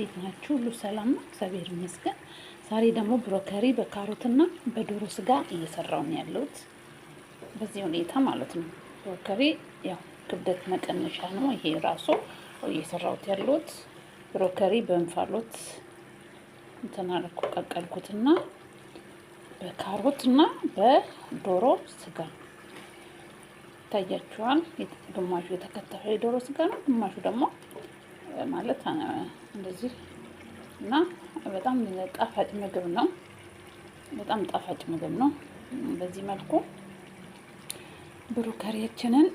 እንዴት ናችሁ? ሁሉ ሰላም ነው? እግዚአብሔር ይመስገን። ዛሬ ደግሞ ብሮከሪ በካሮትና በዶሮ ስጋ እየሰራው ነው ያለሁት በዚህ ሁኔታ ማለት ነው። ብሮከሪ ያው ክብደት መቀነሻ ነው ይሄ ራሱ እየሰራሁት ያለሁት። ብሮከሪ በእንፋሎት እንትን አደረኩ ቀቀልኩትና በካሮትና በዶሮ ስጋ ይታያችኋል። ግማሹ የተከተፈ የዶሮ ስጋ ነው፣ ግማሹ ደግሞ ማለት እንደዚህ እና በጣም ጣፋጭ ምግብ ነው። በጣም ጣፋጭ ምግብ ነው። በዚህ መልኩ ብሮከሪያችንን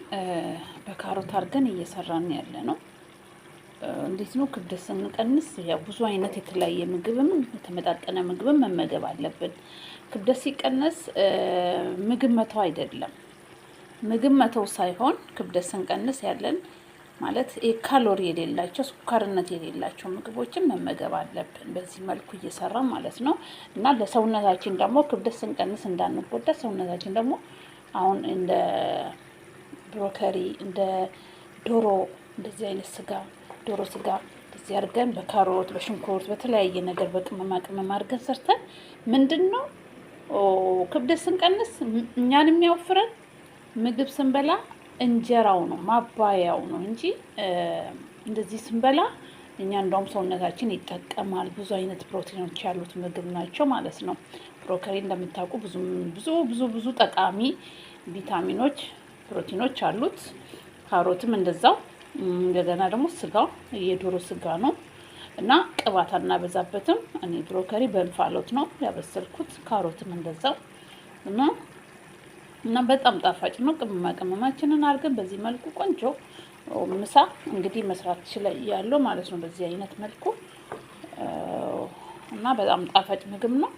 በካሮት አድርገን እየሰራን ያለ ነው። እንዴት ነው ክብደት ስንቀንስ፣ ያው ብዙ አይነት የተለያየ ምግብም የተመጣጠነ ምግብም መመገብ አለብን። ክብደት ሲቀነስ ምግብ መተው አይደለም፣ ምግብ መተው ሳይሆን ክብደት ስንቀንስ ያለን ማለት ካሎሪ የሌላቸው ስኳርነት የሌላቸው ምግቦችን መመገብ አለብን። በዚህ መልኩ እየሰራ ማለት ነው እና ለሰውነታችን ደግሞ ክብደት ስንቀንስ እንዳንጎዳ ሰውነታችን ደግሞ አሁን እንደ ብሮከሪ፣ እንደ ዶሮ እንደዚህ አይነት ስጋ ዶሮ ስጋ እንደዚህ አድርገን በካሮት በሽንኩርት በተለያየ ነገር በቅመማ ቅመም አድርገን ሰርተን ምንድን ነው ክብደት ስንቀንስ እኛን የሚያወፍረን ምግብ ስንበላ እንጀራው ነው ማባያው ነው እንጂ እንደዚህ ስንበላ እኛ እንደውም ሰውነታችን ይጠቀማል። ብዙ አይነት ፕሮቲኖች ያሉት ምግብ ናቸው ማለት ነው። ብሮኮሊ እንደምታውቁ ብዙ ብዙ ብዙ ጠቃሚ ቪታሚኖች፣ ፕሮቲኖች አሉት። ካሮትም እንደዛው። እንደገና ደግሞ ስጋው የዶሮ ስጋ ነው እና ቅባት አናበዛበትም። እኔ ብሮኮሊ በእንፋሎት ነው ያበሰልኩት። ካሮትም እንደዛው እና እና በጣም ጣፋጭ ነው። ቅመማ ቅመማችንን አድርገን በዚህ መልኩ ቆንጆ ምሳ እንግዲህ መስራት ይችላል ያለው ማለት ነው። በዚህ አይነት መልኩ እና በጣም ጣፋጭ ምግብ ነው።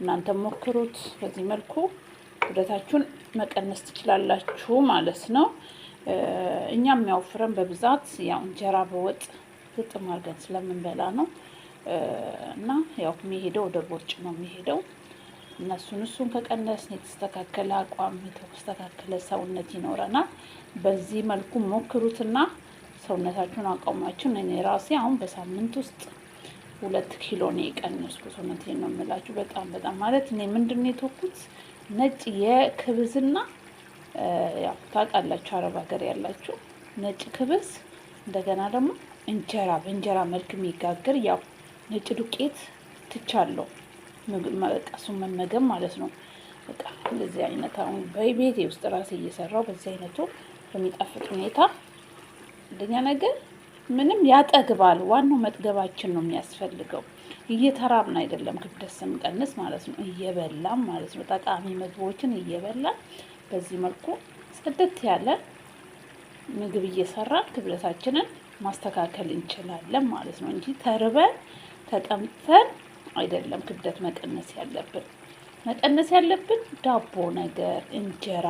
እናንተ ሞክሩት። በዚህ መልኩ ክብደታችሁን መቀነስ ትችላላችሁ ማለት ነው። እኛ የሚያወፍረን በብዛት ያው እንጀራ በወጥ ግጥም አድርገን ስለምንበላ ነው እና ያው የሚሄደው ወደ ቦርጭ ነው የሚሄደው። እነሱን እሱን እሱን ከቀነስን የተስተካከለ አቋም የተስተካከለ ሰውነት ይኖረናል። በዚህ መልኩ ሞክሩትና ሰውነታችሁን አቋማችሁን። እኔ ራሴ አሁን በሳምንት ውስጥ ሁለት ኪሎ ነው የቀነስኩት። እውነቴን ነው የምላችሁ። በጣም በጣም ማለት እኔ ምንድን ነው ነጭ የክብዝና ያው ታውቃላችሁ፣ አረብ ሀገር ያላችሁ ነጭ ክብዝ፣ እንደገና ደግሞ እንጀራ በእንጀራ መልክ የሚጋገር ያው ነጭ ዱቄት ትቻለሁ። ምግብ በቃ እሱን መመገብ ማለት ነው። በቃ እንደዚህ አይነት አሁን በቤቴ ውስጥ ራሴ እየሰራው በዚህ አይነቱ በሚጣፍጥ ሁኔታ አንደኛ ነገር ምንም ያጠግባል። ዋናው መጥገባችን ነው የሚያስፈልገው። እየተራብን አይደለም ክብደት ስንቀንስ ማለት ነው፣ እየበላም ማለት ነው። ጠቃሚ ምግቦችን እየበላን በዚህ መልኩ ጽድት ያለ ምግብ እየሰራን ክብደታችንን ማስተካከል እንችላለን ማለት ነው እንጂ ተርበን ተቀምጠን አይደለም ክብደት መቀነስ ያለብን። መቀነስ ያለብን ዳቦ ነገር፣ እንጀራ፣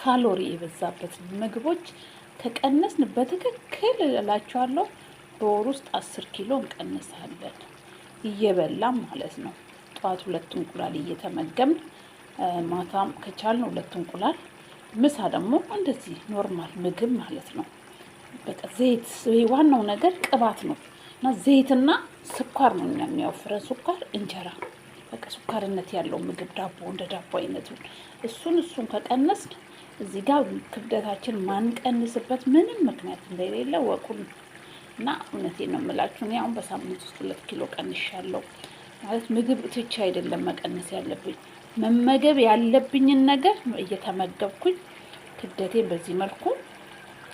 ካሎሪ የበዛበት ምግቦች ከቀነስን በትክክል እላችኋለሁ በወር ውስጥ አስር ኪሎ እንቀንሳለን። እየበላም ማለት ነው። ጠዋት ሁለት እንቁላል እየተመገብን ማታም ከቻልን ሁለት እንቁላል፣ ምሳ ደግሞ እንደዚህ ኖርማል ምግብ ማለት ነው። በቃ ዘይት ዋናው ነገር ቅባት ነው። እና ዘይትና ስኳር ነው እኛ የሚያወፍረን ስኳር እንጀራ በቃ ስኳርነት ያለው ምግብ ዳቦ እንደ ዳቦ አይነቱን እሱን እሱን ከቀነስ እዚህ ጋር ክብደታችን ማንቀንስበት ምንም ምክንያት እንደሌለ ወቁን እና እውነቴን ነው የምላችሁ እኔ አሁን በሳምንት ውስጥ ሁለት ኪሎ ቀንሻለሁ። ማለት ምግብ ትቼ አይደለም መቀነስ ያለብኝ መመገብ ያለብኝን ነገር እየተመገብኩኝ ክብደቴን በዚህ መልኩ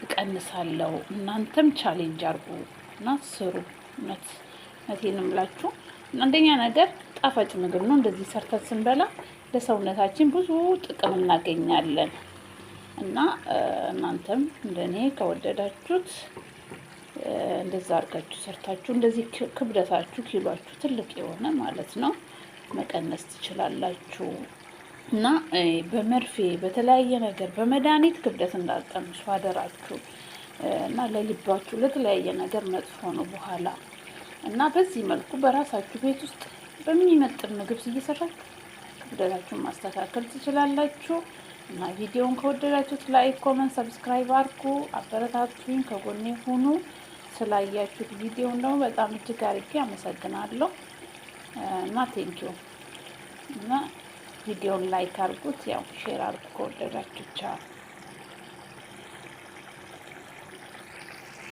እቀንሳለሁ። እናንተም ቻሌንጅ አርጉ እና ስሩ። እውነት እውነቴን እምላችሁ አንደኛ ነገር ጣፋጭ ምግብ ነው። እንደዚህ ሰርተን ስንበላ ለሰውነታችን ብዙ ጥቅም እናገኛለን እና እናንተም እንደኔ ከወደዳችሁት እንደዛ አድርጋችሁ ሰርታችሁ እንደዚህ ክብደታችሁ ኪሏችሁ ትልቅ የሆነ ማለት ነው መቀነስ ትችላላችሁ። እና በመርፌ በተለያየ ነገር በመድኃኒት ክብደት እንዳትቀንሱ አደራችሁ። እና ለልባችሁ ለተለያየ ነገር መጥፎ ነው በኋላ እና በዚህ መልኩ በራሳችሁ ቤት ውስጥ በሚመጥን ምግብ እየሰራችሁ ክብደታችሁን ማስተካከል ትችላላችሁ። እና ቪዲዮውን ከወደዳችሁት ላይክ፣ ኮመንት፣ ሰብስክራይብ አድርጉ። አበረታቱኝ፣ ከጎኔ ሁኑ። ስላያችሁት ቪዲዮውን ደግሞ በጣም እጅግ አድርጌ አመሰግናለሁ እና ቴንኪዩ እና ቪዲዮውን ላይክ አድርጉት፣ ያው ሼር አድርጉ ከወደዳችሁ። ቻው